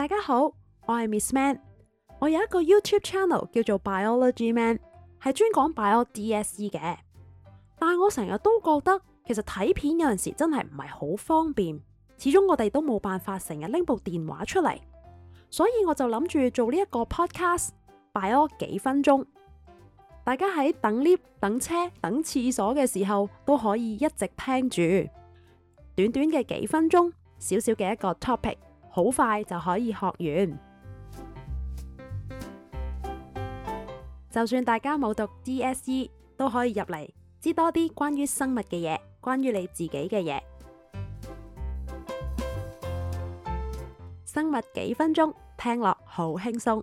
大家好，我係 Miss Man，我有一個 YouTube Channel 叫做 Biology Man，係專講 Bio DSE 嘅。但我成日都覺得，其實睇片有陣時真係唔係好方便，始終我哋都冇辦法成日拎部電話出嚟，所以我就諗住做呢一個 podcast，Bio 幾分鐘，大家喺等 lift、等車、等廁所嘅時候都可以一直聽住，短短嘅幾分鐘，小小嘅一個 topic。好快就可以學完，就算大家冇讀 DSE 都可以入嚟知多啲關於生物嘅嘢，關於你自己嘅嘢。生物幾分鐘聽落好輕鬆。